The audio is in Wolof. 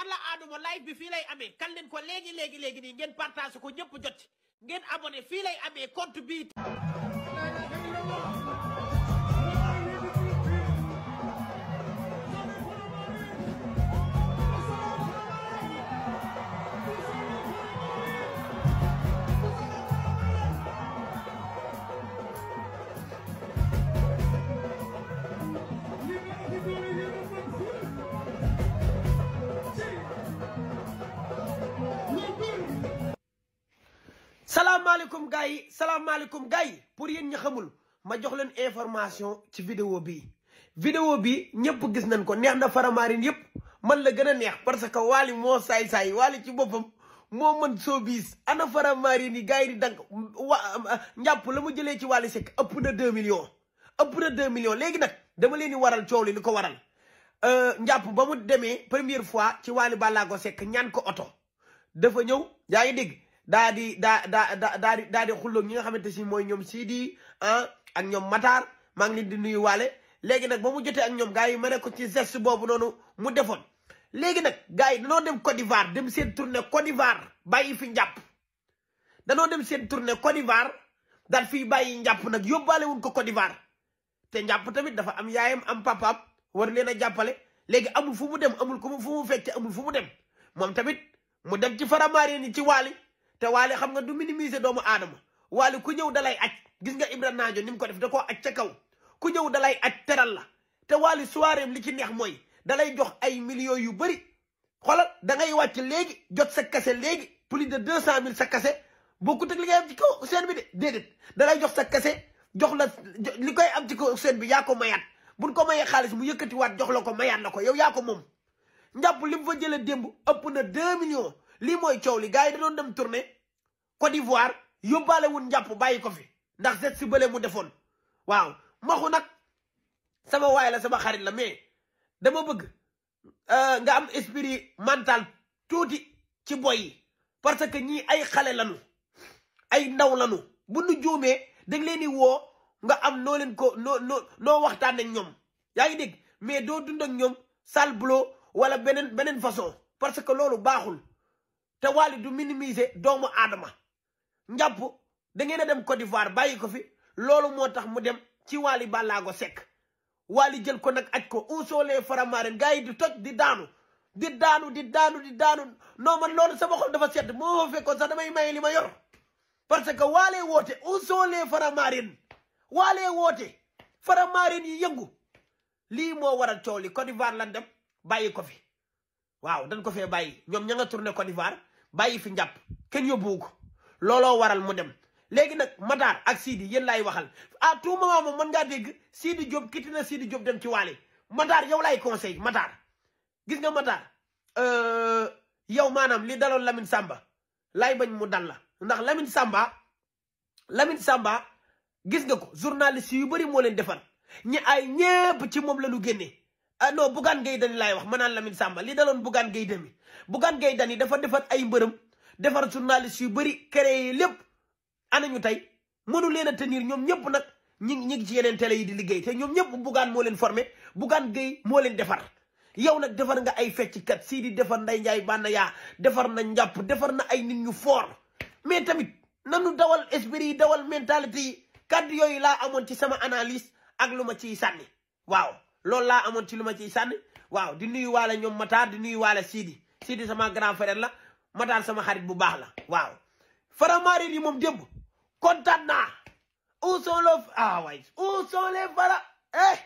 alla aaduma live bi fii lay amee kan leen ko léegi léegi léegi nii ngeen partage ko ñëpp jot ngeen abonné fii lay amee compte bi salaamaaleykum gars yi salaamaaleykum gars yi pour yéen ñi xamul ma jox leen information ci vidéo bi video bi ñëpp gis nañ ko neex na faramarin yëpp man la gën a neex parce que waali moo saay-saay waali ci boppam moo mën showbiz ana faramarin yi gars yi di dank wa njàpp la mu jëlee ci waali sekk ëpp na deux millions ëpp na deux millions léegi nag dama leen di waral coow li li ko waral euh, njàpp ba mu demee première fois ci waali bàllaago sekk ñaan ko oto dafa ñëw yaa ngi dégg daa di daa daa daa di daa ñi nga xamante si mooy ñoom Sidi ah ak ñoom Matar maa ngi di nuyu waale léegi nag ba mu jotee ak ñoom gars yi ma ne ko ci geste boobu noonu mu defoon léegi nag gars yi danoo dem Côte d'Ivoire dem seen tournée Côte d'Ivoire bàyyi fi njàpp danoo dem seen tournée Côte d'Ivoire daal fii bàyyi njàpp nag yóbbaale wuñ ko Côte te njàpp tamit dafa am yaayam am papaam war leen a jàppale léegi amul fu mu dem amul ku mu fu mu fekk amul fu mu dem moom tamit mu dem ci faramare ni ci waali te waale xam nga du minimiser doomu aadama waale ku ñëw dalay aj gis nga Ibra Naajo ni mu ko def da ko aj ca kaw ku ñëw dalay aj teral la te waale soiréem li ci neex mooy dalay jox ay millions yu bëri xoolal da ngay wàcc léegi jot sa kase léegi plus de deux cent mille sa kase bokkut ak li ngay am ci kaw seen bi de déedéet dalay jox sa kase jox la li koy am ci ko seen bi yaa ko mayaat buñ ko mayee xaalis mu yëkkatiwaat jox la ko mayaat na ko yow yaa ko moom njàpp li mu fa jëlee démb ëpp na deux millions lii mooy coow li gars yi da doon dem tournée Côte d'Ivoire yóbbaale wul njàpp bàyyi ko fi ndax seet si bële mu defoon waaw maxu nag sama waay la sama xarit la mais dama bëgg euh, nga am esprit mental tuuti ci boy yi parce que ñii ay xale lanu ay ndaw lanu bu nu juumee da nga leen di woo nga am noo leen ko noo noo waxtaan ak ñoom yaa ngi dégg mais doo dund ak ñoom sale boulot wala beneen beneen façon parce que loolu baaxul te Wally du minimiser doomu aadama njàpp da ngeen a dem Côte d'Ivoire bàyyi ko fi loolu moo tax mu dem ci Wally Ballago Seck Wally jël ko nag aj ko uusoolee faramaren gars yi di toj di daanu di daanu di daanu di daanu non man loolu sama xol dafa sedd moo ma fekkoon sax damay maye li ma yor parce que waalee woote uusoolee faramaren waalee woote faramaren yi yëngu lii moo waral coow li Côte d'Ivoire lan dem bàyyi ko fi waaw dan ko fee bàyyi ñoom ña nga tourné d'Ivoire bàyyi fi njàpp kenn yóbbuwu ko looloo waral mu dem léegi nag Matar ak Sidi yéen laay waxal à tout moment moom mën ngaa dégg Sidi Diop ki na Sidi Diop dem ci waale Matar yow laay conseil Matar gis nga Matar euh, yow maanaam li daloon Lamine Samba laay bañ mu dal la ndax Lamine Samba Lamine Samba gis nga ko journaliste yu bëri moo leen defar ñi ay ñépp ci moom la ñu génnee ah non Bougane Gueye Dany laay wax ma naan Lamine Samba li daloon Bougane gay Dany Bougane Gueye Dany dafa defar ay mbërëm defar journaliste yu bëri créé lépp anañu tey mënu leen a tenir ñoom ñëpp nag ñi ñi ngi ci yeneen télé yi di liggéey te ñoom ñëpp Bougane moo leen formé Bougane Gueye moo leen defar yow nag defar nga ay fecckat sii di defar nday njaay bànna yaa defar na njàpp defar na ay nit ñu fort mais tamit nanu dawal esprit yi dawal mentalité yi kàddu yooyu laa amoon ci sama analyse ak lu ma ciy sànni waaw loolu laa amoon ci lu ma ciy sànni waaw di nuyu waale ñoom Matar di nuyu waale Sidi Sidi sama grand frère la Matar sama xarit bu baax la waaw faramari yi moom démb kontaan naa où sont fara ah, eh